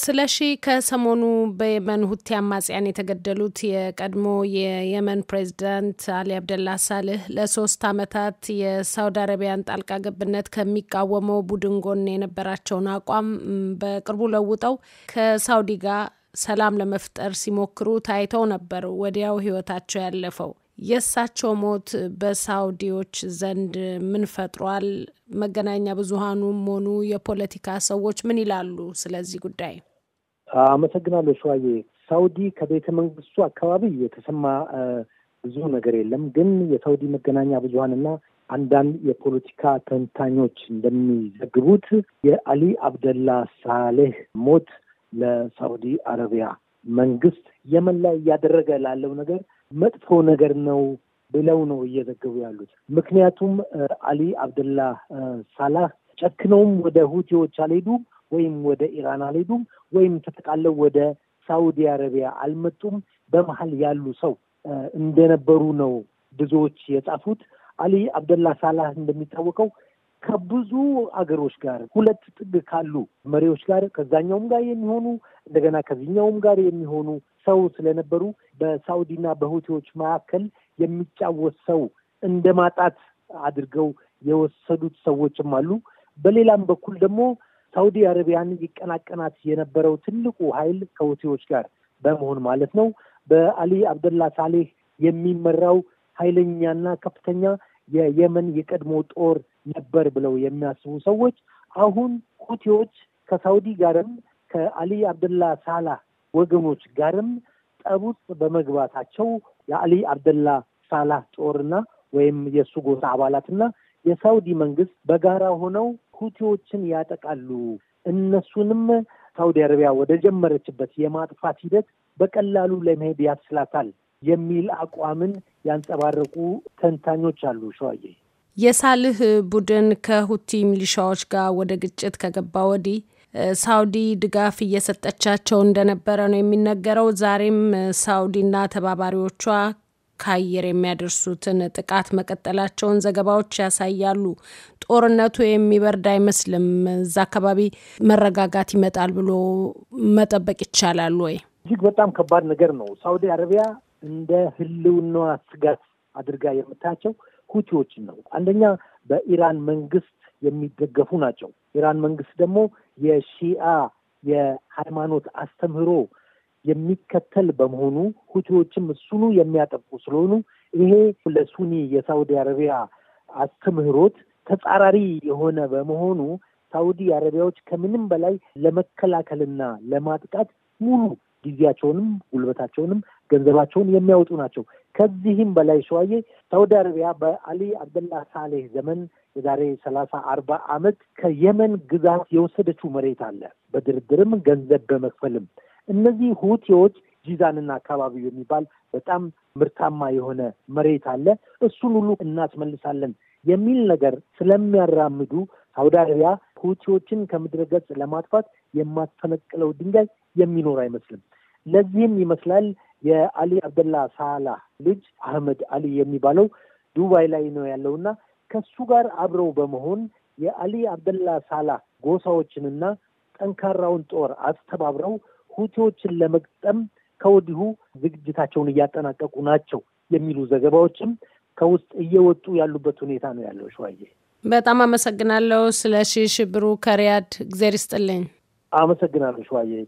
ስለ ሺ ከሰሞኑ በየመን ሁቲ አማጽያን የተገደሉት የቀድሞ የየመን ፕሬዚዳንት አሊ አብደላ ሳልህ ለሶስት ዓመታት የሳውዲ አረቢያን ጣልቃ ገብነት ከሚቃወመው ቡድን ጎን የነበራቸውን አቋም በቅርቡ ለውጠው ከሳውዲ ጋር ሰላም ለመፍጠር ሲሞክሩ ታይተው ነበር። ወዲያው ህይወታቸው ያለፈው የእሳቸው ሞት በሳውዲዎች ዘንድ ምን ፈጥሯል? መገናኛ ብዙሃኑም ሆኑ የፖለቲካ ሰዎች ምን ይላሉ ስለዚህ ጉዳይ? አመሰግናለሁ ሸዋዬ። ሳውዲ ከቤተ መንግስቱ አካባቢ የተሰማ ብዙ ነገር የለም። ግን የሳውዲ መገናኛ ብዙሀንና አንዳንድ የፖለቲካ ተንታኞች እንደሚዘግቡት የአሊ አብደላ ሳሌህ ሞት ለሳውዲ አረቢያ መንግስት የመን ላይ እያደረገ ላለው ነገር መጥፎ ነገር ነው ብለው ነው እየዘገቡ ያሉት። ምክንያቱም አሊ አብደላ ሳላህ ጨክነውም ወደ ሁቲዎች አልሄዱም፣ ወይም ወደ ኢራን አልሄዱም፣ ወይም ተጠቃለው ወደ ሳውዲ አረቢያ አልመጡም። በመሀል ያሉ ሰው እንደነበሩ ነው ብዙዎች የጻፉት። አሊ አብደላ ሳላህ እንደሚታወቀው ከብዙ አገሮች ጋር ሁለት ጥግ ካሉ መሪዎች ጋር ከዛኛውም ጋር የሚሆኑ እንደገና ከዚኛውም ጋር የሚሆኑ ሰው ስለነበሩ በሳውዲና በሁቲዎች መካከል የሚጫወት ሰው እንደ ማጣት አድርገው የወሰዱት ሰዎችም አሉ። በሌላም በኩል ደግሞ ሳውዲ አረቢያን ይቀናቀናት የነበረው ትልቁ ኃይል ከሁቲዎች ጋር በመሆን ማለት ነው በአሊ አብደላ ሳሌህ የሚመራው ኃይለኛና ከፍተኛ የየመን የቀድሞ ጦር ነበር ብለው የሚያስቡ ሰዎች አሁን ሁቲዎች ከሳውዲ ጋርም ከአሊ አብደላ ሳላህ ወገኖች ጋርም ጠብ በመግባታቸው የአሊ አብደላ ሳላህ ጦርና ወይም የእሱ ጎሳ አባላትና የሳውዲ መንግስት በጋራ ሆነው ሁቲዎችን ያጠቃሉ። እነሱንም ሳውዲ አረቢያ ወደ ጀመረችበት የማጥፋት ሂደት በቀላሉ ለመሄድ ያስችላታል የሚል አቋምን ያንጸባረቁ ተንታኞች አሉ። ሸዋዬ የሳልህ ቡድን ከሁቲ ሚሊሻዎች ጋር ወደ ግጭት ከገባ ወዲህ ሳውዲ ድጋፍ እየሰጠቻቸው እንደነበረ ነው የሚነገረው። ዛሬም ሳውዲና ተባባሪዎቿ ከአየር የሚያደርሱትን ጥቃት መቀጠላቸውን ዘገባዎች ያሳያሉ። ጦርነቱ የሚበርድ አይመስልም። እዛ አካባቢ መረጋጋት ይመጣል ብሎ መጠበቅ ይቻላል ወይ? እጅግ በጣም ከባድ ነገር ነው። ሳውዲ አረቢያ እንደ ሕልውናዋ ስጋት አድርጋ የምታያቸው ሁቲዎችን ነው። አንደኛ በኢራን መንግስት የሚደገፉ ናቸው። ኢራን መንግስት ደግሞ የሺአ የሃይማኖት አስተምህሮ የሚከተል በመሆኑ ሁቲዎችም እሱኑ የሚያጠቁ ስለሆኑ ይሄ ለሱኒ የሳውዲ አረቢያ አስተምህሮት ተጻራሪ የሆነ በመሆኑ ሳውዲ አረቢያዎች ከምንም በላይ ለመከላከልና ለማጥቃት ሙሉ ጊዜያቸውንም ጉልበታቸውንም ገንዘባቸውን የሚያወጡ ናቸው። ከዚህም በላይ ሸዋዬ ሳውዲ አረቢያ በአሊ አብደላ ሳሌህ ዘመን የዛሬ ሰላሳ አርባ ዓመት ከየመን ግዛት የወሰደችው መሬት አለ። በድርድርም ገንዘብ በመክፈልም እነዚህ ሁቲዎች ጂዛንና አካባቢው የሚባል በጣም ምርታማ የሆነ መሬት አለ። እሱን ሁሉ እናስመልሳለን የሚል ነገር ስለሚያራምዱ ሳውዲ አረቢያ ሁቲዎችን ከምድረ ገጽ ለማጥፋት የማትፈነቅለው ድንጋይ የሚኖር አይመስልም። ለዚህም ይመስላል የአሊ አብደላ ሳላ ልጅ አህመድ አሊ የሚባለው ዱባይ ላይ ነው ያለውና ከሱ ጋር አብረው በመሆን የአሊ አብደላ ሳላ ጎሳዎችንና ጠንካራውን ጦር አስተባብረው ሁቲዎችን ለመግጠም ከወዲሁ ዝግጅታቸውን እያጠናቀቁ ናቸው የሚሉ ዘገባዎችም ከውስጥ እየወጡ ያሉበት ሁኔታ ነው ያለው። ሸዋዬ በጣም አመሰግናለሁ። ስለ ሺህ ሽብሩ ከሪያድ እግዜር ይስጥልኝ። አመሰግናለሁ ሸዋዬ።